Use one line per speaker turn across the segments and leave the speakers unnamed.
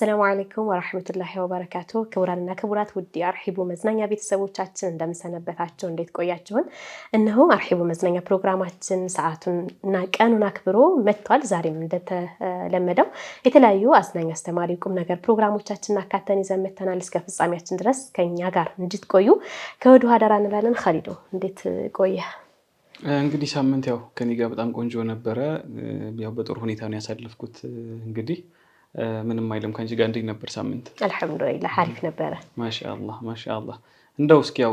አሰላሙ አለይኩም ወራህመቱላሂ ወበረካቱ። ክቡራንና ክቡራት ውድ የአርሒቡ መዝናኛ ቤተሰቦቻችን እንደምንሰነበታቸው፣ እንዴት ቆያችሁን? እነሆ አርሒቡ መዝናኛ ፕሮግራማችን ሰዓቱን እና ቀኑን አክብሮ መጥቷል። ዛሬም እንደተለመደው የተለያዩ አዝናኝ፣ አስተማሪ ቁም ነገር ፕሮግራሞቻችንን አካተን ይዘን መጥተናል። እስከ ፍጻሜያችን ድረስ ከኛ ጋር እንድትቆዩ ከወዲሁ አደራ እንላለን። ኸሊዶ እንዴት ቆየ? እንግዲህ ሳምንት ያው ከኔ ጋር በጣም ቆንጆ ነበረ። ያው በጥሩ ሁኔታ ነው ያሳለፍኩት እንግዲህ ምንም አይልም። ከአንቺ ጋር እንዴት ነበር ሳምንት?
አልሐምዱላ አሪፍ ነበረ።
ማሻላ ማሻላ እንደው እስኪ ያው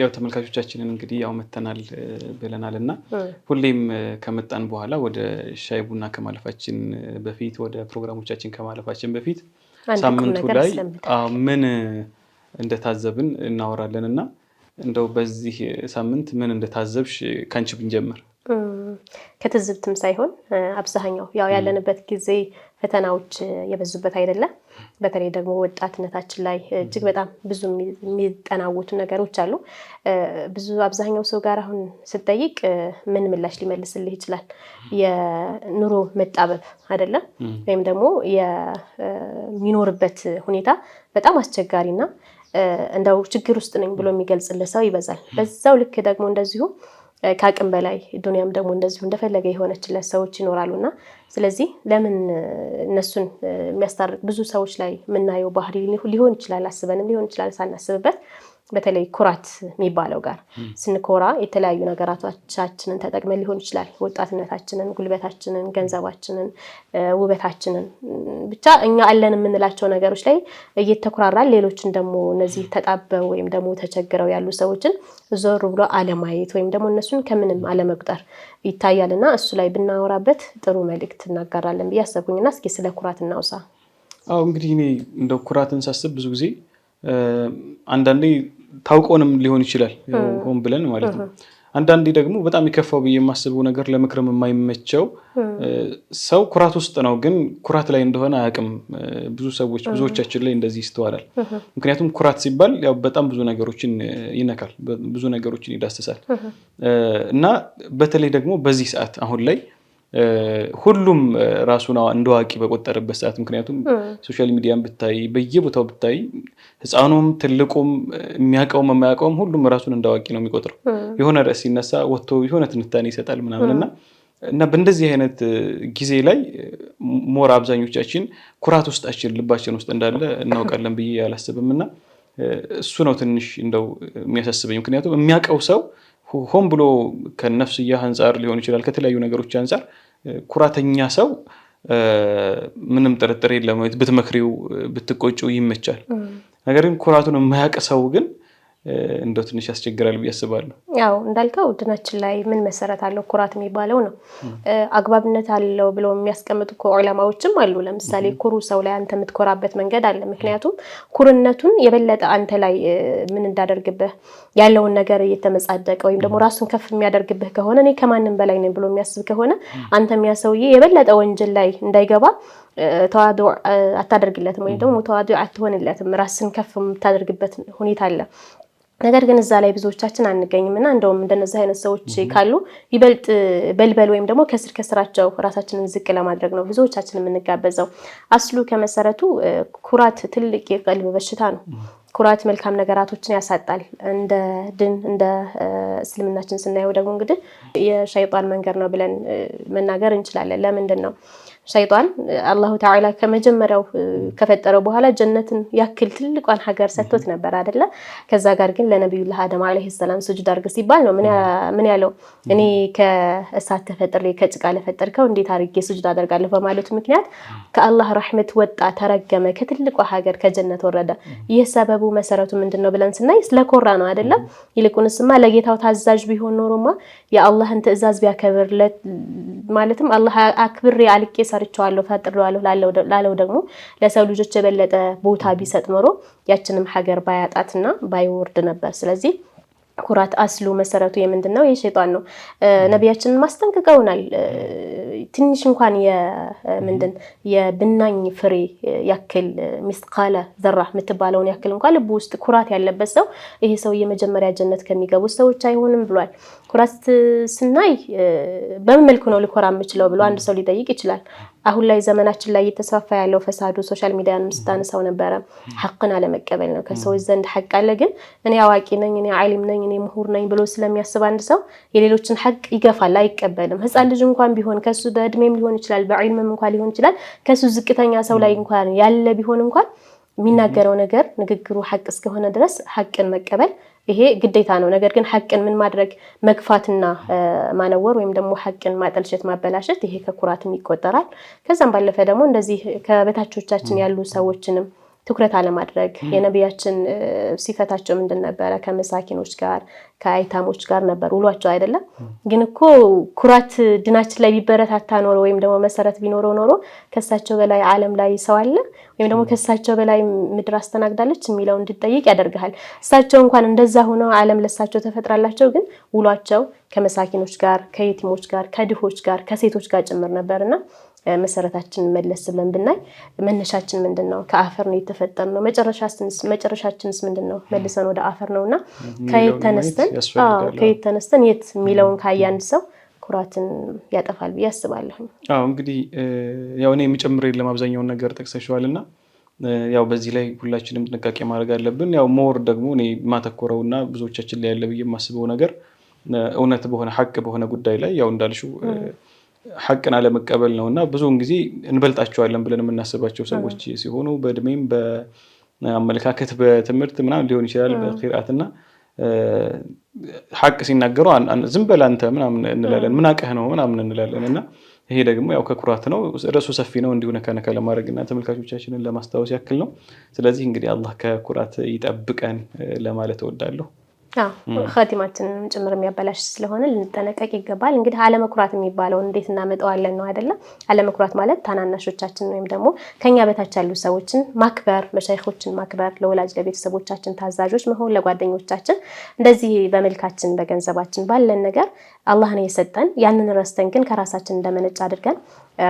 ያው ተመልካቾቻችንን እንግዲህ ያው መተናል ብለናል እና ሁሌም ከመጣን በኋላ ወደ ሻይ ቡና ከማለፋችን በፊት ወደ ፕሮግራሞቻችን ከማለፋችን በፊት ሳምንቱ ላይ ምን እንደታዘብን እናወራለን እና እንደው በዚህ ሳምንት ምን እንደታዘብሽ ከንቺ ብንጀምር።
ከትዝብትም ሳይሆን አብዛኛው ያው ያለንበት ጊዜ ፈተናዎች የበዙበት አይደለም። በተለይ ደግሞ ወጣትነታችን ላይ እጅግ በጣም ብዙ የሚጠናወቱ ነገሮች አሉ። ብዙ አብዛኛው ሰው ጋር አሁን ስጠይቅ ምን ምላሽ ሊመልስልህ ይችላል? የኑሮ መጣበብ አይደለም ወይም ደግሞ የሚኖርበት ሁኔታ በጣም አስቸጋሪና እንደው ችግር ውስጥ ነኝ ብሎ የሚገልጽልህ ሰው ይበዛል። በዛው ልክ ደግሞ እንደዚሁ ከአቅም በላይ ዱኒያም ደግሞ እንደዚሁ እንደፈለገ የሆነችለት ሰዎች ይኖራሉ እና ስለዚህ ለምን እነሱን የሚያስታርቅ ብዙ ሰዎች ላይ የምናየው ባህሪ ሊሆን ይችላል፣ አስበንም ሊሆን ይችላል ሳናስብበት በተለይ ኩራት የሚባለው ጋር ስንኮራ የተለያዩ ነገራቶቻችንን ተጠቅመን ሊሆን ይችላል። ወጣትነታችንን፣ ጉልበታችንን፣ ገንዘባችንን፣ ውበታችንን ብቻ እኛ አለን የምንላቸው ነገሮች ላይ እየተኮራራን ሌሎችን ደግሞ እነዚህ ተጣበው ወይም ደግሞ ተቸግረው ያሉ ሰዎችን ዞር ብሎ አለማየት ወይም ደግሞ እነሱን ከምንም አለመቁጠር ይታያል እና እሱ ላይ ብናወራበት ጥሩ መልእክት እናጋራለን ብዬ እና እስኪ ስለ ኩራት እናውሳ።
አዎ እንግዲህ እኔ እንደ ኩራትን ሳስብ ብዙ ጊዜ አንዳንዴ ታውቆንም ሊሆን ይችላል ሆን ብለን ማለት ነው። አንዳንዴ ደግሞ በጣም የከፋው ብዬ የማስበው ነገር ለምክርም የማይመቸው ሰው ኩራት ውስጥ ነው፣ ግን ኩራት ላይ እንደሆነ አያቅም ብዙ ሰዎች ብዙዎቻችን ላይ እንደዚህ ይስተዋላል። ምክንያቱም ኩራት ሲባል ያው በጣም ብዙ ነገሮችን ይነካል፣ ብዙ ነገሮችን ይዳስሳል እና በተለይ ደግሞ በዚህ ሰዓት አሁን ላይ ሁሉም ራሱን እንደ በቆጠረበት ሰዓት ምክንያቱም ሶሻል ሚዲያን ብታይ በየቦታው ብታይ ህፃኑም ትልቁም የሚያውቀውም የማያውቀውም ሁሉም ራሱን እንደ ዋቂ ነው የሚቆጥረው። የሆነ ርዕስ ሲነሳ ወጥቶ የሆነ ትንታኔ ይሰጣል ምናምን እና እና በእንደዚህ አይነት ጊዜ ላይ ሞር አብዛኞቻችን ኩራት ውስጣችን ልባችን ውስጥ እንዳለ እናውቃለን ብዬ አላስብም እና እሱ ነው ትንሽ እንደው የሚያሳስበኝ ምክንያቱም የሚያውቀው ሰው ሆን ብሎ ከነፍስያ አንጻር ሊሆን ይችላል፣ ከተለያዩ ነገሮች አንጻር ኩራተኛ ሰው ምንም ጥርጥር የለም ብትመክሪው ብትቆጩ ይመቻል። ነገር ግን ኩራቱን የማያውቅ ሰው ግን እንደው ትንሽ ያስቸግራል ብዬ አስባለሁ።
ያው እንዳልከው ድናችን ላይ ምን መሰረት አለው ኩራት የሚባለው ነው። አግባብነት አለው ብለው የሚያስቀምጡ ዑለማዎችም አሉ። ለምሳሌ ኩሩ ሰው ላይ አንተ የምትኮራበት መንገድ አለ። ምክንያቱም ኩርነቱን የበለጠ አንተ ላይ ምን እንዳደርግብህ ያለውን ነገር እየተመጻደቀ ወይም ደግሞ ራሱን ከፍ የሚያደርግብህ ከሆነ እኔ ከማንም በላይ ነኝ ብሎ የሚያስብ ከሆነ አንተ የሚያሰውዬ የበለጠ ወንጀል ላይ እንዳይገባ ተዋዶ አታደርግለትም ወይም ደግሞ ተዋዶ አትሆንለትም። ራስን ከፍ የምታደርግበት ሁኔታ አለ። ነገር ግን እዛ ላይ ብዙዎቻችን አንገኝም እና እንደውም እንደነዚህ አይነት ሰዎች ካሉ ይበልጥ በልበል ወይም ደግሞ ከስር ከስራቸው ራሳችንን ዝቅ ለማድረግ ነው ብዙዎቻችን የምንጋበዘው። አስሉ ከመሰረቱ ኩራት ትልቅ የቀልብ በሽታ ነው። ኩራት መልካም ነገራቶችን ያሳጣል። እንደ ድን እንደ እስልምናችን ስናየው ደግሞ እንግዲህ የሸይጣን መንገድ ነው ብለን መናገር እንችላለን። ለምንድን ነው ሸይጣን አላሁ ተዓላ ከመጀመሪያው ከፈጠረው በኋላ ጀነትን ያክል ትልቋን ሀገር ሰጥቶት ነበር አይደለ? ከዛ ጋር ግን ለነቢዩላህ አደም ዓለይሂ ሰላም ስጁድ አድርግ ሲባል ነው ምን ያለው? እኔ ከእሳት ተፈጥሬ ከጭቃ ለፈጠርከው እንዴት አድርጌ ስጁድ አደርጋለሁ? በማለቱ ምክንያት ከአላህ ረሕመት ወጣ፣ ተረገመ፣ ከትልቋ ሀገር ከጀነት ወረደ። ይህ ሰበቡ መሰረቱ ምንድን ነው ብለን ስናይ ስለኮራ ነው አይደለም? ይልቁንስማ ለጌታው ታዛዥ ቢሆን ኖሮማ የአላህን ትዕዛዝ ቢያከብር ማለትም አላህ አክብሬ አልቄ ሰርቸዋለሁ ፈጥሬዋለሁ ላለው ደግሞ ለሰው ልጆች የበለጠ ቦታ ቢሰጥ ኖሮ ያችንም ሀገር ባያጣትና ባይወርድ ነበር። ስለዚህ ኩራት አስሉ መሰረቱ የምንድን ነው? የሸይጣን ነው። ነቢያችንን ማስጠንቅቀውናል። ትንሽ እንኳን ምንድን የብናኝ ፍሬ ያክል ሚስካለ ዘራ የምትባለውን ያክል እንኳን ልቡ ውስጥ ኩራት ያለበት ሰው ይሄ ሰው የመጀመሪያ ጀነት ከሚገቡ ሰዎች አይሆንም ብሏል። ኩራት ስናይ በምን መልኩ ነው ልኮራ የምችለው ብሎ አንድ ሰው ሊጠይቅ ይችላል። አሁን ላይ ዘመናችን ላይ እየተስፋፋ ያለው ፈሳዱ ሶሻል ሚዲያን ስታነሳው ነበረ። ሐቅን አለመቀበል ነው። ከሰዎች ዘንድ ሐቅ አለ፣ ግን እኔ አዋቂ ነኝ፣ እኔ ዓሊም ነኝ፣ እኔ ምሁር ነኝ ብሎ ስለሚያስብ አንድ ሰው የሌሎችን ሐቅ ይገፋል፣ አይቀበልም። ህፃን ልጅ እንኳን ቢሆን ከሱ በእድሜም ሊሆን ይችላል፣ በዒልምም እንኳን ሊሆን ይችላል፣ ከሱ ዝቅተኛ ሰው ላይ እንኳን ያለ ቢሆን እንኳን የሚናገረው ነገር ንግግሩ ሐቅ እስከሆነ ድረስ ሐቅን መቀበል ይሄ ግዴታ ነው። ነገር ግን ሀቅን ምን ማድረግ መግፋትና ማነወር ወይም ደግሞ ሀቅን ማጠልሸት፣ ማበላሸት ይሄ ከኩራትም ይቆጠራል። ከዛም ባለፈ ደግሞ እንደዚህ ከበታቾቻችን ያሉ ሰዎችንም ትኩረት አለማድረግ የነቢያችን ሲፈታቸው ምንድን ነበረ? ከመሳኪኖች ጋር ከአይታሞች ጋር ነበር ውሏቸው አይደለም። ግን እኮ ኩራት ድናችን ላይ ቢበረታታ ኖሮ ወይም ደግሞ መሰረት ቢኖረው ኖሮ ከሳቸው በላይ ዓለም ላይ ሰው አለ ወይም ደግሞ ከሳቸው በላይ ምድር አስተናግዳለች የሚለው እንድጠይቅ ያደርግሃል። እሳቸው እንኳን እንደዛ ሆነው ዓለም ለሳቸው ተፈጥራላቸው፣ ግን ውሏቸው ከመሳኪኖች ጋር ከየቲሞች ጋር ከድሆች ጋር ከሴቶች ጋር ጭምር ነበርና መሰረታችንን መለስ ብለን ብናይ መነሻችን ምንድን ነው? ከአፈር ነው የተፈጠርነው። መጨረሻችንስ ምንድን ነው? መልሰን ወደ አፈር ነው እና ከየት ተነስተን ከየት ተነስተን የት የሚለውን ካያን ሰው ኩራትን ያጠፋል ብዬ አስባለሁ።
አዎ እንግዲህ ያው እኔ የሚጨምር የለም አብዛኛውን ነገር ጠቅሰሸዋል እና ያው በዚህ ላይ ሁላችንም ጥንቃቄ ማድረግ አለብን። ያው ሞር ደግሞ እኔ የማተኮረው እና ብዙዎቻችን ላይ ያለ ብዬ የማስበው ነገር እውነት በሆነ ሀቅ በሆነ ጉዳይ ላይ ያው እንዳልሽው ሀቅን አለመቀበል ነው እና ብዙውን ጊዜ እንበልጣቸዋለን ብለን የምናስባቸው ሰዎች ሲሆኑ በእድሜም በአመለካከት በትምህርት ምናምን ሊሆን ይችላል እና ሀቅ ሲናገሩ ዝም በል አንተ ምናምን እንላለን። ምን ነው ምናምን እንላለን እና ይሄ ደግሞ ያው ከኩራት ነው። ርዕሱ ሰፊ ነው እንዲሁ ነካ ለማድረግ እና ተመልካቾቻችንን ለማስታወስ ያክል ነው። ስለዚህ እንግዲህ አላህ ከኩራት ይጠብቀን ለማለት እወዳለሁ።
ከቲማችንንም ጭምር የሚያበላሽ ስለሆነ ልንጠነቀቅ ይገባል። እንግዲህ አለመኩራት የሚባለውን እንዴት እናመጣዋለን ነው አይደለም? አለመኩራት ማለት ታናናሾቻችን ወይም ደግሞ ከኛ በታች ያሉ ሰዎችን ማክበር፣ መሻይኮችን ማክበር፣ ለወላጅ ለቤተሰቦቻችን ታዛዦች መሆን፣ ለጓደኞቻችን እንደዚህ በመልካችን በገንዘባችን ባለን ነገር አላህን የሰጠን ያንን ረስተን ግን ከራሳችን እንደመነጭ አድርገን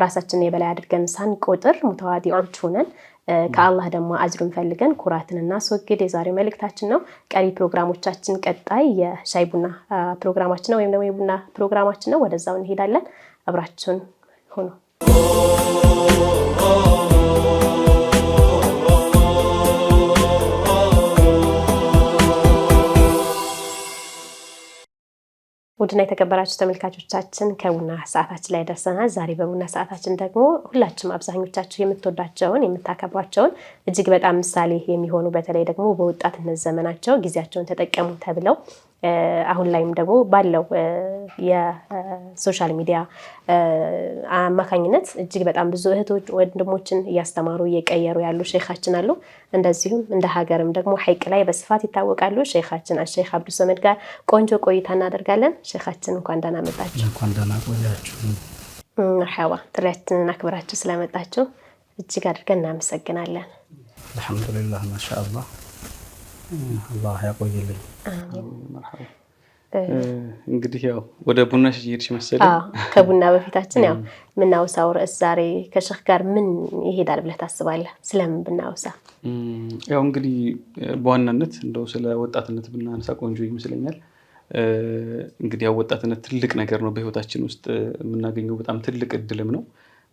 ራሳችንን የበላይ አድርገን ሳንቆጥር ሙተዋዲዎች ሆነን ከአላህ ደግሞ አጅሩን ፈልገን ኩራትን እናስወግድ። የዛሬው መልእክታችን ነው። ቀሪ ፕሮግራሞቻችን ቀጣይ የሻይ ቡና ፕሮግራማችን ነው ወይም ደግሞ የቡና ፕሮግራማችን ነው። ወደዛው እንሄዳለን። አብራችሁን ሁኑ። ውድና የተከበራችሁ ተመልካቾቻችን ከቡና ሰዓታችን ላይ ደርሰናል። ዛሬ በቡና ሰዓታችን ደግሞ ሁላችሁም አብዛኞቻችሁ የምትወዳቸውን የምታከብሯቸውን እጅግ በጣም ምሳሌ የሚሆኑ በተለይ ደግሞ በወጣትነት ዘመናቸው ጊዜያቸውን ተጠቀሙ ተብለው አሁን ላይም ደግሞ ባለው የሶሻል ሚዲያ አማካኝነት እጅግ በጣም ብዙ እህቶች ወንድሞችን እያስተማሩ እየቀየሩ ያሉ ሼካችን አሉ። እንደዚሁም እንደ ሀገርም ደግሞ ሀይቅ ላይ በስፋት ይታወቃሉ። ሼካችን አሼክ አብዱ ጋር ቆንጆ ቆይታ እናደርጋለን። ሼካችን እንኳን ደህና መጣችሁ። እንኳን ደህና ቆያችሁ። ጥሪያችንን አክብራችሁ ስለመጣችሁ እጅግ አድርገን እናመሰግናለን።
አልሐምዱሊላህ ማሻአላህ አላህ ያቆየልኝ። እንግዲህ ያው ወደ ቡና ሽየድሽ መሰለኝ።
ከቡና በፊታችን ያው ምናውሳው ርዕስ ዛሬ ከሸህ ጋር ምን ይሄዳል ብለህ ታስባለህ? ስለምን ብናውሳ?
ያው እንግዲህ በዋናነት እንደው ስለ ወጣትነት ብናነሳ ቆንጆ ይመስለኛል። እንግዲህ ያው ወጣትነት ትልቅ ነገር ነው፣ በህይወታችን ውስጥ የምናገኘው በጣም ትልቅ እድልም ነው።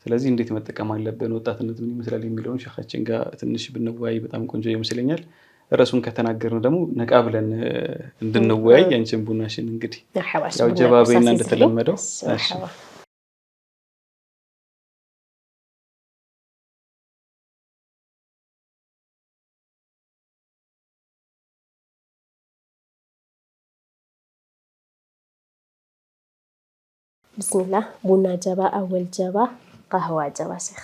ስለዚህ እንዴት መጠቀም አለብን፣ ወጣትነት ምን ይመስላል የሚለውን ሸካችን ጋር ትንሽ ብንወያይ በጣም ቆንጆ ይመስለኛል። ርዕሱን ከተናገርን ደግሞ ነቃ ብለን እንድንወያይ አንችን ቡናሽን እንግዲህ ያው እንደተለመደው
ብስሚላህ ቡና ጀባ፣ አወል ጀባ፣ ቃህዋ ጀባ ሼክ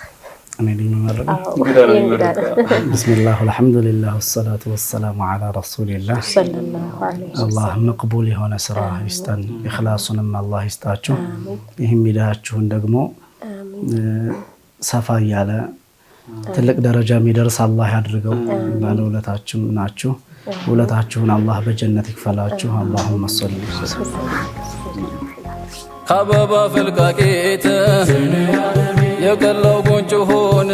ብስሚላህ አልሐምዱሊላህ ወሰላቱ ወሰላሙ ዓላ ረሱሊላህ። አላህ መቅቡል የሆነ ስራ ይስጠን፣ ኢኽላሱንም አላህ ይስጣችሁ። ይህም ሚዲያችሁን ደግሞ ሰፋ እያለ ትልቅ ደረጃ የሚደርስ አላህ ያድርገው። ባለውለታችሁ ናችሁ። ውለታችሁን አላህ በጀነት ይክፈላችሁ። አላሁመ ሰሊ ከአበባ ፈልቃቂት የቀላው ጎንጭ ሆነ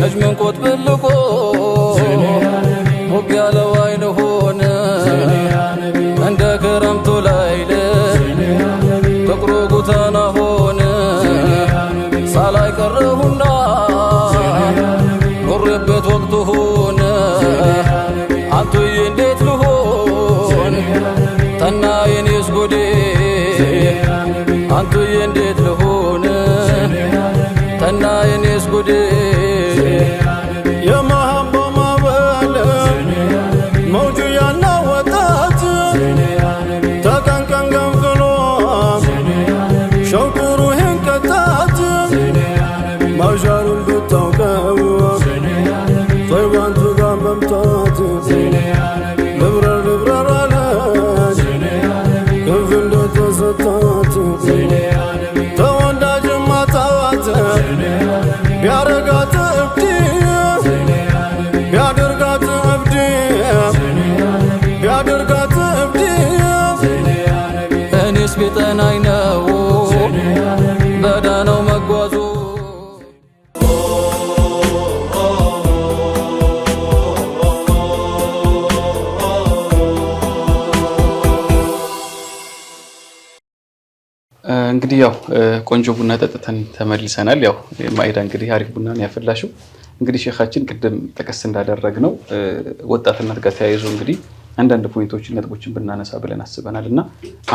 ነጅምን ቆት ብልቆ እንግዲህ ያው ቆንጆ ቡና ጠጥተን ተመልሰናል። ያው ማይዳ እንግዲህ አሪፍ ቡና ነው ያፈላሽው። እንግዲህ ሼካችን ቅድም ጠቀስ እንዳደረግ ነው ወጣትነት ጋር ተያይዞ እንግዲህ አንዳንድ ፖይንቶችን ነጥቦችን ብናነሳ ብለን አስበናል እና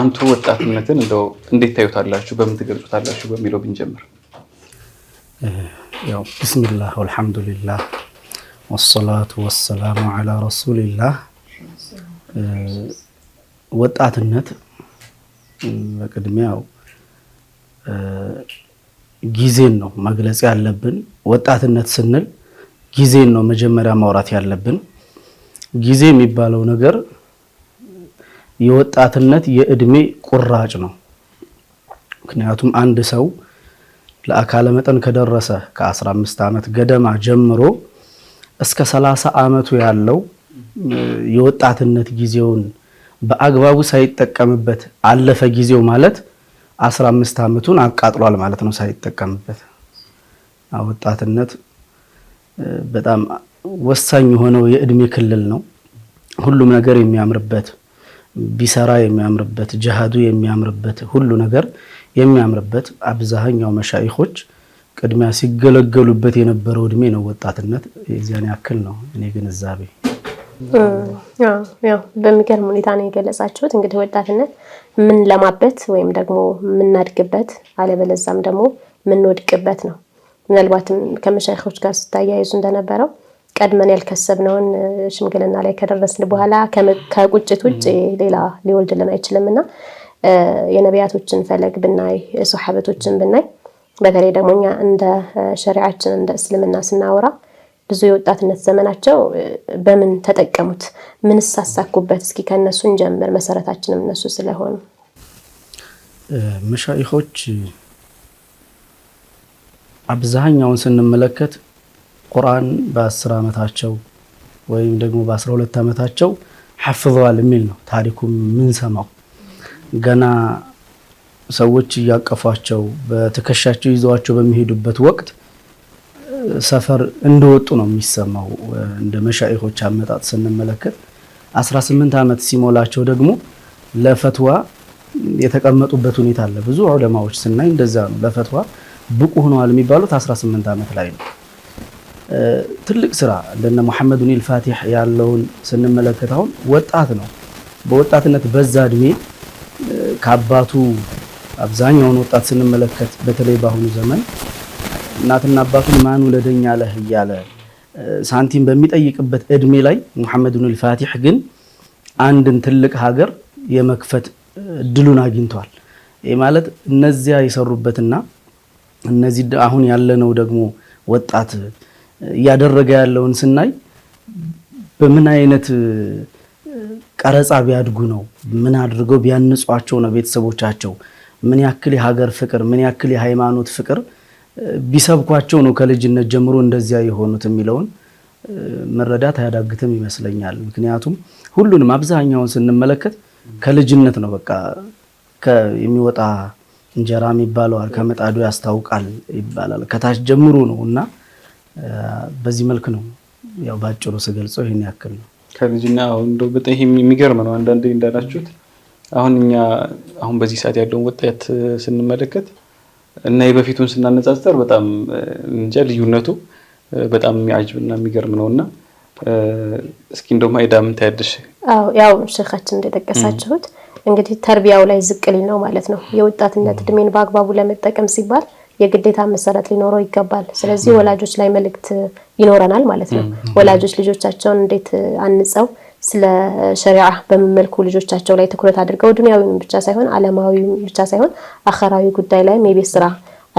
አንቱ ወጣትነትን እንደው እንዴት ታዩታላችሁ፣ በምን ትገልጹታላችሁ በሚለው ብንጀምር። ያው ብስሚላህ አልሐምዱሊላህ ወሰላቱ ወሰላሙ አላ ረሱሊላህ። ወጣትነት በቅድሚያው ጊዜን ነው መግለጽ ያለብን። ወጣትነት ስንል ጊዜን ነው መጀመሪያ ማውራት ያለብን። ጊዜ የሚባለው ነገር የወጣትነት የእድሜ ቁራጭ ነው። ምክንያቱም አንድ ሰው ለአካለ መጠን ከደረሰ ከ15 ዓመት ገደማ ጀምሮ እስከ 30 ዓመቱ ያለው የወጣትነት ጊዜውን በአግባቡ ሳይጠቀምበት አለፈ ጊዜው ማለት አስራ አምስት ዓመቱን አቃጥሏል ማለት ነው ሳይጠቀምበት። ወጣትነት በጣም ወሳኝ የሆነው የእድሜ ክልል ነው። ሁሉም ነገር የሚያምርበት ቢሰራ የሚያምርበት ጅሃዱ የሚያምርበት ሁሉ ነገር የሚያምርበት አብዛኛው መሻይኮች ቅድሚያ ሲገለገሉበት የነበረው እድሜ ነው ወጣትነት። የዚያን ያክል ነው እኔ ግንዛቤ
ያው በሚገርም ሁኔታ ነው የገለጻችሁት። እንግዲህ ወጣትነት ምን ለማበት ወይም ደግሞ የምናድግበት አለበለዛም ደግሞ የምንወድቅበት ነው። ምናልባትም ከመሻይኮች ጋር ስታያይዙ እንደነበረው ቀድመን ያልከሰብነውን ሽምግልና ላይ ከደረስን በኋላ ከቁጭት ውጭ ሌላ ሊወልድልን አይችልም እና የነቢያቶችን ፈለግ ብናይ፣ ሶሓበቶችን ብናይ በተለይ ደግሞ እኛ እንደ ሸሪዓችን እንደ እስልምና ስናወራ ብዙ የወጣትነት ዘመናቸው በምን ተጠቀሙት? ምን ሳሳኩበት? እስኪ ከእነሱ እንጀምር፣ መሰረታችንም እነሱ ስለሆኑ።
መሻይኾች አብዛኛውን ስንመለከት ቁርአን በአስር ዓመታቸው ወይም ደግሞ በአስራ ሁለት ዓመታቸው ሐፍዘዋል የሚል ነው ታሪኩ የምንሰማው። ገና ሰዎች እያቀፏቸው በትከሻቸው ይዘዋቸው በሚሄዱበት ወቅት ሰፈር እንደወጡ ነው የሚሰማው። እንደ መሻይኾች አመጣጥ ስንመለከት 18 ዓመት ሲሞላቸው ደግሞ ለፈትዋ የተቀመጡበት ሁኔታ አለ። ብዙ ዑለማዎች ስናይ እንደዛ ነው። ለፈትዋ ብቁ ሆነዋል የሚባሉት 18 ዓመት ላይ ነው። ትልቅ ስራ እንደነ መሐመድ ኒል ፋቲህ ያለውን ስንመለከት አሁን ወጣት ነው። በወጣትነት በዛ እድሜ ከአባቱ አብዛኛውን ወጣት ስንመለከት በተለይ በአሁኑ ዘመን እናትና አባቱን ማን ውለደኛ አለህ እያለ ሳንቲም በሚጠይቅበት እድሜ ላይ ሙሐመድ ብኑል ፋቲሕ ግን አንድን ትልቅ ሀገር የመክፈት እድሉን አግኝተዋል። ይህ ማለት እነዚያ የሰሩበትና እነዚህ አሁን ያለነው ደግሞ ወጣት እያደረገ ያለውን ስናይ በምን አይነት ቀረጻ ቢያድጉ ነው? ምን አድርገው ቢያንጿቸው ነው ቤተሰቦቻቸው? ምን ያክል የሀገር ፍቅር፣ ምን ያክል የሃይማኖት ፍቅር ቢሰብኳቸው ነው ከልጅነት ጀምሮ እንደዚያ የሆኑት የሚለውን መረዳት አያዳግትም ይመስለኛል። ምክንያቱም ሁሉንም አብዛኛውን ስንመለከት ከልጅነት ነው በቃ የሚወጣ እንጀራም ይባለዋል ከምጣዱ ያስታውቃል ይባላል። ከታች ጀምሮ ነው እና በዚህ መልክ ነው ያው ባጭሩ ስገልጸው ይህን ያክል ነው። ከልጅና በጣም ይሄ የሚገርም ነው። አንዳንዴ እንዳላችሁት አሁን እኛ አሁን በዚህ ሰዓት ያለውን ወጣት ስንመለከት እና የበፊቱን ስናነጻጽር በጣም እንጃ ልዩነቱ በጣም የሚያጅብና የሚገርም ነው እና እስኪ እንደውም አይዳ ምን ታያድሽ?
ያው ሸካችን እንደጠቀሳችሁት እንግዲህ ተርቢያው ላይ ዝቅ ነው ማለት ነው። የወጣትነት እድሜን በአግባቡ ለመጠቀም ሲባል የግዴታ መሰረት ሊኖረው ይገባል። ስለዚህ ወላጆች ላይ መልእክት ይኖረናል ማለት ነው። ወላጆች ልጆቻቸውን እንዴት አንጸው ስለ ሸሪዓ በምን መልኩ ልጆቻቸው ላይ ትኩረት አድርገው ዱንያዊውን ብቻ ሳይሆን ዓለማዊውን ብቻ ሳይሆን አኸራዊ ጉዳይ ላይም የቤት ስራ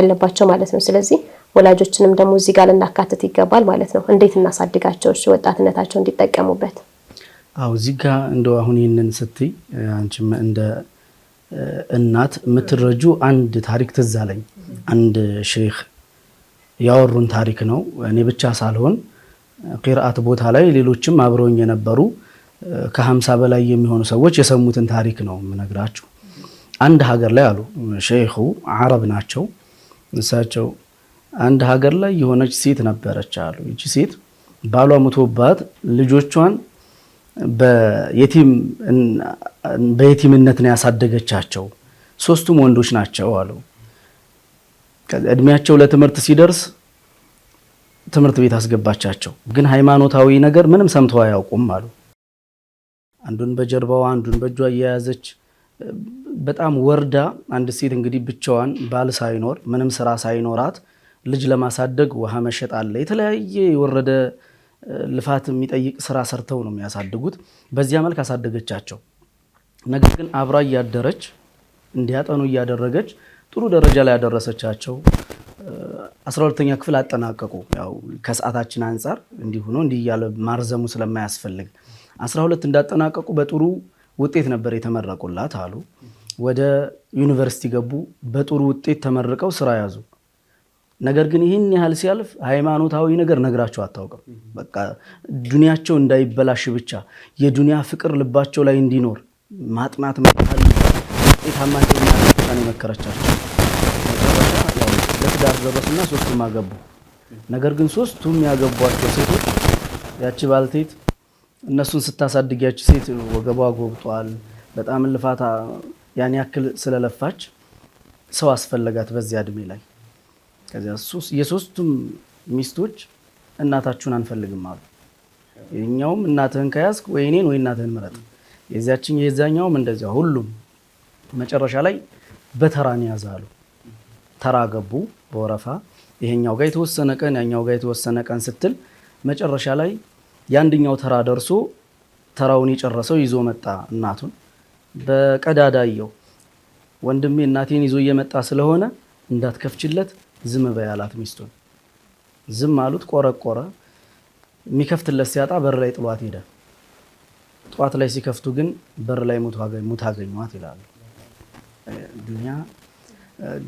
አለባቸው ማለት ነው። ስለዚህ ወላጆችንም ደግሞ እዚህ ጋር ልናካትት ይገባል ማለት ነው። እንዴት እናሳድጋቸው ወጣትነታቸው እንዲጠቀሙበት?
አዎ እዚህ ጋ እንደው አሁን ይህንን ስትይ አንቺም እንደ እናት የምትረጁ አንድ ታሪክ ትዝ አለኝ። አንድ ሼክ ያወሩን ታሪክ ነው። እኔ ብቻ ሳልሆን ቂርአት ቦታ ላይ ሌሎችም አብረውኝ የነበሩ ከሀምሳ በላይ የሚሆኑ ሰዎች የሰሙትን ታሪክ ነው የምነግራችሁ። አንድ ሀገር ላይ አሉ ሼሁ አረብ ናቸው እሳቸው። አንድ ሀገር ላይ የሆነች ሴት ነበረች አሉ። ይቺ ሴት ባሏ ሙቶባት ልጆቿን በየቲምነት ነው ያሳደገቻቸው። ሶስቱም ወንዶች ናቸው አሉ። እድሜያቸው ለትምህርት ሲደርስ ትምህርት ቤት አስገባቻቸው። ግን ሃይማኖታዊ ነገር ምንም ሰምተው አያውቁም አሉ። አንዱን በጀርባዋ አንዱን በእጇ እየያዘች በጣም ወርዳ አንድ ሴት እንግዲህ ብቻዋን ባል ሳይኖር ምንም ስራ ሳይኖራት ልጅ ለማሳደግ ውሃ መሸጥ አለ። የተለያየ የወረደ ልፋት የሚጠይቅ ስራ ሰርተው ነው የሚያሳድጉት። በዚያ መልክ አሳደገቻቸው። ነገር ግን አብራ እያደረች እንዲያጠኑ እያደረገች ጥሩ ደረጃ ላይ ያደረሰቻቸው። አስራ ሁለተኛ ክፍል አጠናቀቁ። ያው ከሰዓታችን አንጻር እንዲሁ ነው፣ እንዲህ እያለ ማርዘሙ ስለማያስፈልግ አስራ ሁለት እንዳጠናቀቁ በጥሩ ውጤት ነበር የተመረቁላት አሉ። ወደ ዩኒቨርሲቲ ገቡ። በጥሩ ውጤት ተመርቀው ስራ ያዙ። ነገር ግን ይህን ያህል ሲያልፍ ሃይማኖታዊ ነገር ነግራቸው አታውቅም። በቃ ዱንያቸው እንዳይበላሽ ብቻ የዱንያ ፍቅር ልባቸው ላይ እንዲኖር ማጥናት መጣል ውጤታማ እንደሚያደርጋቸው የመከረቻቸው። ለትዳር ደረሱና ሶስቱም አገቡ። ነገር ግን ሶስቱም ያገቧቸው ሴቶች ያቺ ባልቴት እነሱን ስታሳድጊያች ሴት ወገቧ ጎብጧል። በጣም ልፋታ ያን ያክል ስለለፋች ሰው አስፈለጋት በዚያ እድሜ ላይ። ከዚያ የሶስቱም ሚስቶች እናታችሁን አንፈልግም አሉ። የኛውም እናትህን ከያዝክ ወይ እኔን ወይ እናትህን ምረጥ፣ የዚያችን የዛኛውም እንደዚያ። ሁሉም መጨረሻ ላይ በተራን ያዝ አሉ። ተራ ገቡ በወረፋ። ይሄኛው ጋር የተወሰነ ቀን፣ ያኛው ጋር የተወሰነ ቀን ስትል መጨረሻ ላይ የአንደኛው ተራ ደርሶ ተራውን የጨረሰው ይዞ መጣ እናቱን በቀዳዳየው ወንድሜ እናቴን ይዞ እየመጣ ስለሆነ እንዳትከፍችለት ዝም በይ አላት ሚስቱን። ዝም አሉት። ቆረቆረ። የሚከፍትለት ሲያጣ በር ላይ ጥሏት ሄደ። ጠዋት ላይ ሲከፍቱ ግን በር ላይ ሙት አገኟት ይላሉ።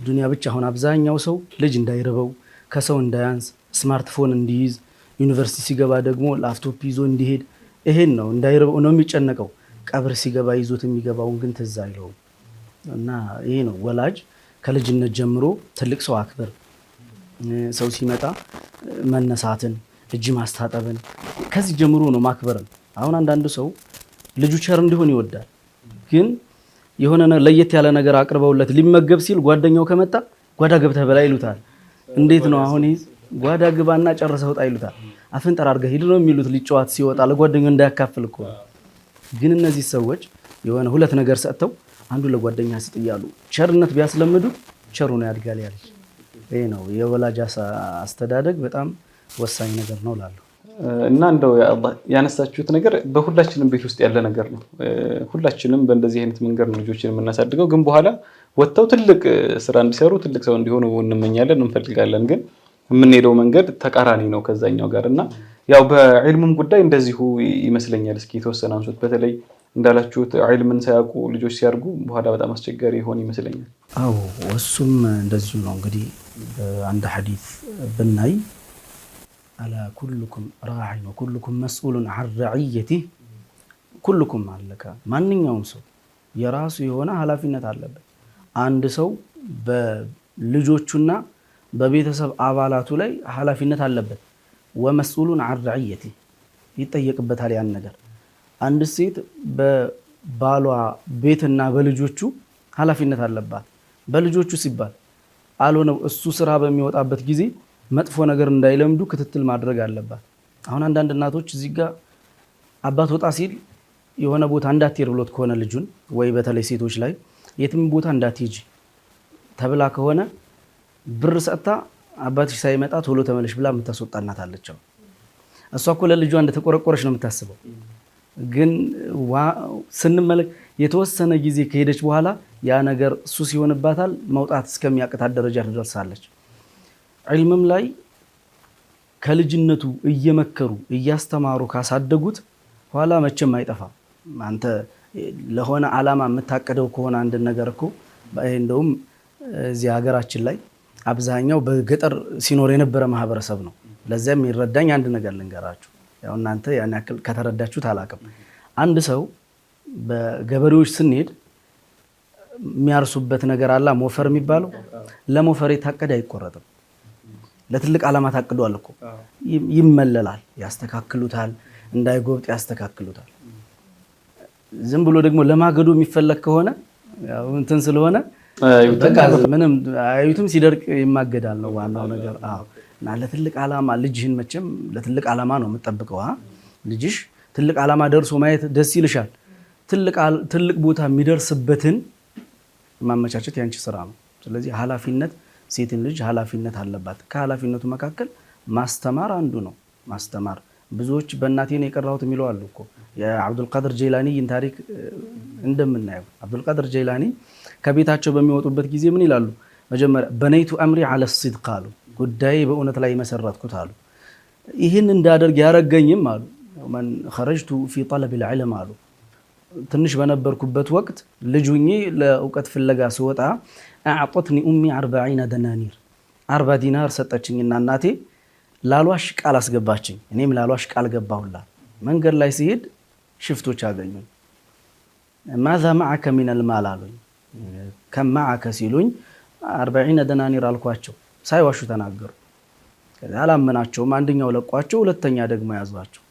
ዱኒያ ብቻ አሁን አብዛኛው ሰው ልጅ እንዳይርበው ከሰው እንዳያንስ ስማርትፎን እንዲይዝ ዩኒቨርሲቲ ሲገባ ደግሞ ላፕቶፕ ይዞ እንዲሄድ ይሄን ነው እንዳይርበው ነው የሚጨነቀው። ቀብር ሲገባ ይዞት የሚገባውን ግን ትዝ አይለውም። እና ይሄ ነው ወላጅ ከልጅነት ጀምሮ ትልቅ ሰው አክብር፣ ሰው ሲመጣ መነሳትን፣ እጅ ማስታጠብን ከዚህ ጀምሮ ነው ማክበርን። አሁን አንዳንድ ሰው ልጁ ቸር እንዲሆን ይወዳል፣ ግን የሆነ ለየት ያለ ነገር አቅርበውለት ሊመገብ ሲል ጓደኛው ከመጣ ጓዳ ገብተህ በላ ይሉታል። እንዴት ነው አሁን ጓዳ ግባና ጨርሰውጣ ይሉታል። አፍን ጠራርገህ ሂድ ነው የሚሉት። ሊጫወት ሲወጣ ለጓደኛ እንዳያካፍል እኮ። ግን እነዚህ ሰዎች የሆነ ሁለት ነገር ሰጥተው አንዱ ለጓደኛ ስጥ እያሉ ቸርነት ቢያስለምዱ ቸሩ ነው ያድጋል ያለች። ይሄ ነው የወላጅ አስተዳደግ በጣም ወሳኝ ነገር ነው ላለሁ እና እንደው ያነሳችሁት ነገር በሁላችንም ቤት ውስጥ ያለ ነገር ነው። ሁላችንም በእንደዚህ አይነት መንገድ ነው ልጆችን የምናሳድገው። ግን በኋላ ወጥተው ትልቅ ስራ እንዲሰሩ፣ ትልቅ ሰው እንዲሆኑ እንመኛለን፣ እንፈልጋለን ግን የምንሄደው መንገድ ተቃራኒ ነው ከዛኛው ጋር እና ያው በዕልምም ጉዳይ እንደዚሁ ይመስለኛል። እስኪ የተወሰነ አንሶት በተለይ እንዳላችሁት ዕልምን ሳያውቁ ልጆች ሲያድጉ በኋላ በጣም አስቸጋሪ ይሆን ይመስለኛል። አዎ እሱም እንደዚሁ ነው። እንግዲህ በአንድ ሐዲት ብናይ አላ ኩልኩም ራዕን ወኩልኩም መስኡሉን አን ረዕየቲህ ኩልኩም አለከ ማንኛውም ሰው የራሱ የሆነ ኃላፊነት አለበት። አንድ ሰው በልጆቹና በቤተሰብ አባላቱ ላይ ኃላፊነት አለበት። ወመስኡሉን አን ረዕየቲ ይጠየቅበታል። ያን ነገር አንድ ሴት በባሏ ቤትና በልጆቹ ኃላፊነት አለባት። በልጆቹ ሲባል አልሆነው እሱ ስራ በሚወጣበት ጊዜ መጥፎ ነገር እንዳይለምዱ ክትትል ማድረግ አለባት። አሁን አንዳንድ እናቶች እዚህ ጋር አባት ወጣ ሲል የሆነ ቦታ እንዳትሄድ ብሎት ከሆነ ልጁን ወይ በተለይ ሴቶች ላይ የትም ቦታ እንዳትሄጂ ተብላ ከሆነ ብር ሰጥታ አባትሽ ሳይመጣ ቶሎ ተመለሽ ብላ የምታስወጣ እናት አለችው። እሷ እኮ ለልጇ እንደተቆረቆረች ነው የምታስበው። ግን ስንመለክ የተወሰነ ጊዜ ከሄደች በኋላ ያ ነገር እሱ ይሆንባታል። መውጣት እስከሚያቅታት ደረጃ ትደርሳለች። ዕልምም ላይ ከልጅነቱ እየመከሩ እያስተማሩ ካሳደጉት ኋላ መቼም አይጠፋም። አንተ ለሆነ ዓላማ የምታቅደው ከሆነ አንድን ነገር እኮ እንደውም እዚህ ሀገራችን ላይ አብዛኛው በገጠር ሲኖር የነበረ ማህበረሰብ ነው። ለዚያ የሚረዳኝ አንድ ነገር ልንገራችሁ። ያው እናንተ ያን ያክል ከተረዳችሁት አላቅም። አንድ ሰው በገበሬዎች ስንሄድ የሚያርሱበት ነገር አላ ሞፈር የሚባለው ለሞፈር የታቀደ አይቆረጥም። ለትልቅ ዓላማ ታቅዷል እኮ ይመለላል፣ ያስተካክሉታል፣ እንዳይጎብጥ ያስተካክሉታል። ዝም ብሎ ደግሞ ለማገዶ የሚፈለግ ከሆነ እንትን ስለሆነ ምንም አዩትም ሲደርቅ ይማገዳል ነው ዋናው ነገር። እና ለትልቅ ዓላማ ልጅህን መቼም ለትልቅ ዓላማ ነው የምጠብቀው። ልጅሽ ትልቅ ዓላማ ደርሶ ማየት ደስ ይልሻል። ትልቅ ቦታ የሚደርስበትን ማመቻቸት ያንቺ ስራ ነው። ስለዚህ ኃላፊነት ሴትን ልጅ ኃላፊነት አለባት። ከኃላፊነቱ መካከል ማስተማር አንዱ ነው። ማስተማር ብዙዎች በእናቴ ነው የቀራሁት የሚለው አሉ እኮ የአብዱልቃድር ጀይላኒን ታሪክ እንደምናየው አብዱልቃድር ጀይላኒ ከቤታቸው በሚወጡበት ጊዜ ምን ይላሉ? መጀመሪያ በነይቱ አምሪ አለ ሲድቅ አሉ። ጉዳይ በእውነት ላይ መሰረትኩት አሉ። ይህን እንዳደርግ ያረገኝም አሉ መን ኸረጅቱ ፊ ጠለብ ልዕልም አሉ። ትንሽ በነበርኩበት ወቅት ልጅ ለእውቀት ፍለጋ ስወጣ አዕጦትኒ ኡሚ አርባዒነ ደናኒር አርባ ዲናር ሰጠችኝና እናቴ ላሏሽ ቃል አስገባችኝ። እኔም ላሏሽ ቃል ገባሁላት። መንገድ ላይ ሲሄድ ሽፍቶች አገኙኝ። ማዛ ማዓከ ሚነል ማል አሉኝ ከማዓከ ሲሉኝ አርባዒነ ደናኒር አልኳቸው። ሳይዋሹ ተናገሩ። ከዚያ አላመናቸውም። አንደኛው ለቋቸው፣ ሁለተኛ ደግሞ ያዟቸው።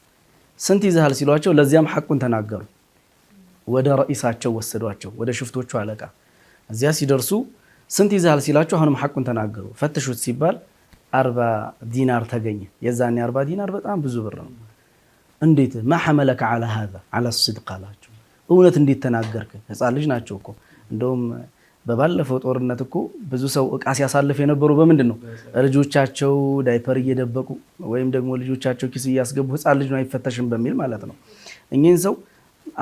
ስንት ይዘሃል ሲሏቸው ለዚያም ሐቁን ተናገሩ። ወደ ረኢሳቸው ወሰዷቸው፣ ወደ ሽፍቶቹ አለቃ። እዚያ ሲደርሱ ስንት ይዘሃል ሲላቸው አሁንም ሐቁን ተናገሩ። ፈትሹት ሲባል አርባ ዲናር ተገኘ። የዛኔ አርባ ዲናር በጣም ብዙ ብር ነው። እንዴት ሐመለከ ዐላ ሀዛ ዐላ ስድቅ አላቸው። እውነት እንዴት ተናገርክ? ህፃን ልጅ ናቸው እኮ እንደውም በባለፈው ጦርነት እኮ ብዙ ሰው እቃ ሲያሳልፍ የነበሩ በምንድን ነው? ልጆቻቸው ዳይፐር እየደበቁ ወይም ደግሞ ልጆቻቸው ኪስ እያስገቡ ህፃን ልጅ አይፈተሽም በሚል ማለት ነው። እኚህን ሰው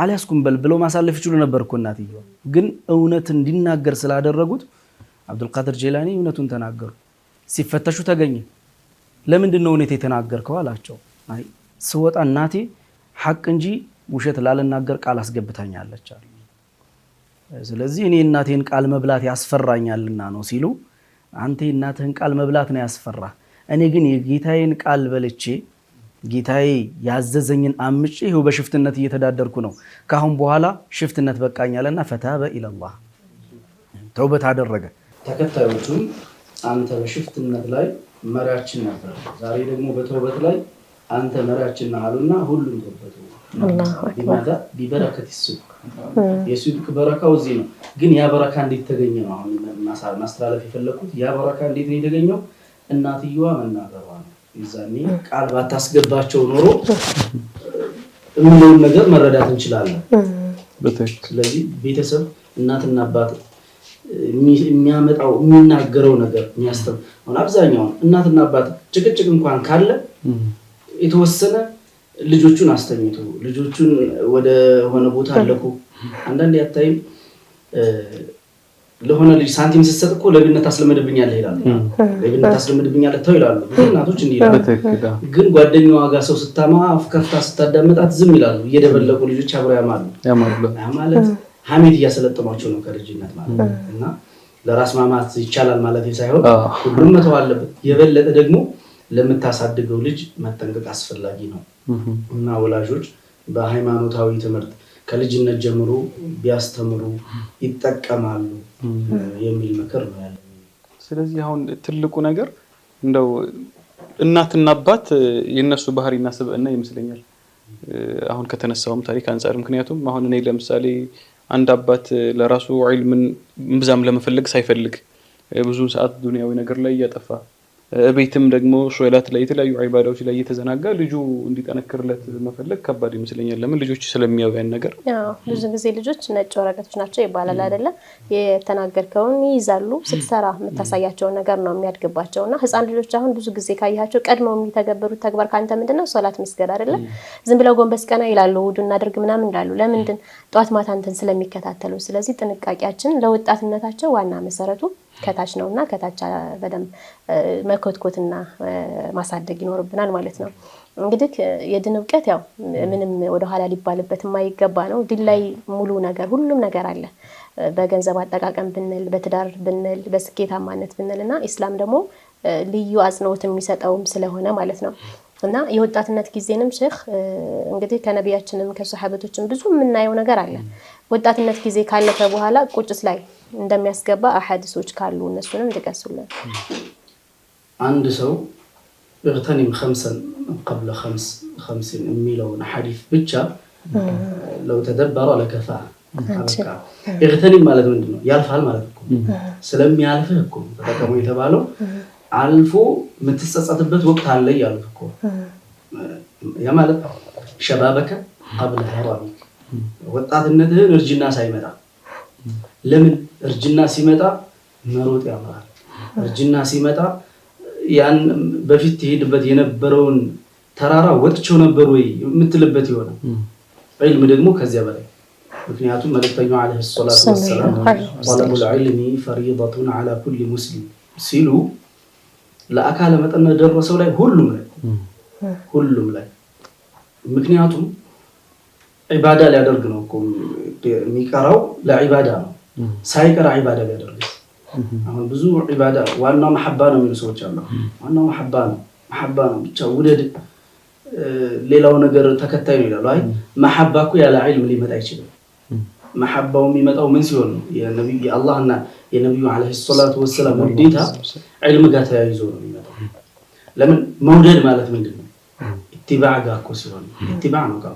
አልያዝኩም በል ብለው ማሳለፍ ይችሉ ነበር እኮ እናትየው። ግን እውነት እንዲናገር ስላደረጉት አብዱልቃድር ጄላኒ እውነቱን ተናገሩ። ሲፈተሹ ተገኘ። ለምንድን ነው እውነት የተናገርከው አላቸው። ስወጣ እናቴ ሀቅ እንጂ ውሸት ላልናገር ቃል አስገብታኛለች አሉ። ስለዚህ እኔ እናቴን ቃል መብላት ያስፈራኛልና ነው ሲሉ፣ አንተ እናትህን ቃል መብላት ነው ያስፈራ፣ እኔ ግን የጌታዬን ቃል በልቼ ጌታዬ ያዘዘኝን አምጪ ይኸው በሽፍትነት እየተዳደርኩ ነው። ከአሁን በኋላ ሽፍትነት በቃኛለና ፈታበ ኢለላህ ተውበት አደረገ።
ተከታዮቹም አንተ በሽፍትነት ላይ መሪያችን ነበር፣ ዛሬ ደግሞ በተውበት ላይ አንተ መሪያችን ነህ አሉና ሁሉም ተበቱ። ቢበረከት ይሱቅ የሱ በረካው እዚህ ነው። ግን ያ በረካ እንዴት ተገኘ ነው አሁን ማስተላለፍ የፈለግኩት። ያ በረካ እንዴት ነው የተገኘው? እናትየዋ መናገሯ ነው። ይዛኔ ቃል ባታስገባቸው ኖሮ የምለውን ነገር መረዳት እንችላለን። ስለዚህ ቤተሰብ እናትና አባት የሚያመጣው የሚናገረው ነገር አሁን አብዛኛውን እናትና አባት ጭቅጭቅ እንኳን ካለ የተወሰነ ልጆቹን አስተኝቶ ልጆቹን ወደ ሆነ ቦታ አለኩ። አንዳንድ አታይም ለሆነ ልጅ ሳንቲም ስትሰጥ እኮ ለግነት አስለመድብኛለህ ይላሉ። ለግነት አስለመድብኛለህ ተው ይላሉ። ብዙ እናቶች እንዲ ግን ጓደኛዋ ጋር ሰው ስታማ አፍ ስታዳመጣት ዝም ይላሉ። እየደበለቁ ልጆች አብረው ያማሉ። ማለት ሐሜት እያሰለጠሟቸው ነው ከልጅነት ማለት እና ለራስ ማማት ይቻላል ማለት ሳይሆን ሁሉም መተው አለበት። የበለጠ ደግሞ ለምታሳድገው ልጅ መጠንቀቅ አስፈላጊ ነው እና ወላጆች በሃይማኖታዊ ትምህርት ከልጅነት ጀምሮ ቢያስተምሩ ይጠቀማሉ የሚል ምክር ነው ያለ።
ስለዚህ አሁን ትልቁ ነገር እንደው እናትና አባት የእነሱ ባህሪና ስብዕና ይመስለኛል አሁን ከተነሳውም ታሪክ አንጻር። ምክንያቱም አሁን እኔ ለምሳሌ አንድ አባት ለራሱ ዒልምን ብዛም ለመፈለግ ሳይፈልግ ብዙ ሰዓት ዱንያዊ ነገር ላይ እያጠፋ ቤትም ደግሞ ሶላት ላይ የተለያዩ ዒባዳዎች ላይ እየተዘናጋ ልጁ እንዲጠነክርለት መፈለግ ከባድ ይመስለኛል። ለምን ልጆች ስለሚያዩ ያን ነገር
ብዙ ጊዜ ልጆች ነጭ ወረቀቶች ናቸው ይባላል አይደለም። የተናገርከውን ይይዛሉ። ስትሰራ የምታሳያቸውን ነገር ነው የሚያድግባቸው እና ህፃን ልጆች አሁን ብዙ ጊዜ ካያቸው ቀድመው የሚተገበሩት ተግባር ከአንተ ምንድነው? ሶላት መስገድ አይደለ? ዝም ብለው ጎንበስ ቀና ይላሉ። ውዱ እናድርግ ምናምን ይላሉ። ለምንድን ጠዋት ማታ እንትን ስለሚከታተሉ። ስለዚህ ጥንቃቄያችን ለወጣትነታቸው ዋና መሰረቱ ከታች ነው እና ከታች በደንብ መኮትኮትና ማሳደግ ይኖርብናል ማለት ነው። እንግዲህ የድን እውቀት ያው ምንም ወደኋላ ሊባልበት የማይገባ ነው። ድል ላይ ሙሉ ነገር ሁሉም ነገር አለ። በገንዘብ አጠቃቀም ብንል፣ በትዳር ብንል፣ በስኬታማነት ብንል እና ኢስላም ደግሞ ልዩ አጽንኦት የሚሰጠውም ስለሆነ ማለት ነው እና የወጣትነት ጊዜንም ሼህ እንግዲህ ከነቢያችንም ከሰሓበቶችም ብዙ የምናየው ነገር አለ። ወጣትነት ጊዜ ካለፈ በኋላ ቁጭት ላይ እንደሚያስገባ አሐዲሶች ካሉ እነሱንም ጥቀሱልን።
አንድ ሰው እግተኒም ከምሰን ቀብለ ከምሲን የሚለውን ሐዲስ ብቻ ለው ተደበረ ለከፋ እግተኒም ማለት ምንድን ነው? ያልፋል ማለት እኮ ስለሚያልፍህ እኮ ተጠቀሙ የተባለው አልፎ የምትጸጸትበት ወቅት አለ እያሉ እኮ ያ ማለት ሸባበከ ቀብለ ሀራሚ ወጣትነትህን እርጅና ሳይመጣ ለምን እርጅና ሲመጣ መሮጥ ያምራል። እርጅና ሲመጣ ያን በፊት ትሄድበት የነበረውን ተራራ ወጥቾ ነበር ወይ የምትልበት የሆነ ልም ደግሞ ከዚያ በላይ ምክንያቱም መልእክተኛው ዓለይሂ ሰላቱ ወሰላም ጠለቡል ዒልሚ ፈሪደቱን ዓላ ኩል ሙስሊም ሲሉ ለአካለ መጠን ደረሰው ላይ ሁሉም ላይ ሁሉም ላይ ምክንያቱም ዒባዳ ሊያደርግ ነው እኮ የሚቀራው ለዒባዳ ነው። ሳይቀር ዒባዳ ቢያደርጉት አሁን ብዙ ዒባዳ ዋናው መሐባ ነው የሚሉ ሰዎች አሉ። ዋናው መሐባ ነው መሐባ ነው ብቻ ውደድ፣ ሌላው ነገር ተከታይ ነው ይላሉ። አይ መሐባ እኮ ያለ ዒልም ሊመጣ አይችልም። መሐባው የሚመጣው ምን ሲሆን ነው? የነቢዩ አላህና የነቢዩ ዓለይሂ ሰላቱ ወሰላም ውዴታ ዒልም ጋር ተያይዞ ነው የሚመጣው። ለምን መውደድ ማለት ምንድን ነው? ኢትባዕ ጋር እኮ ሲሆን ኢትባዕ ነው ጋር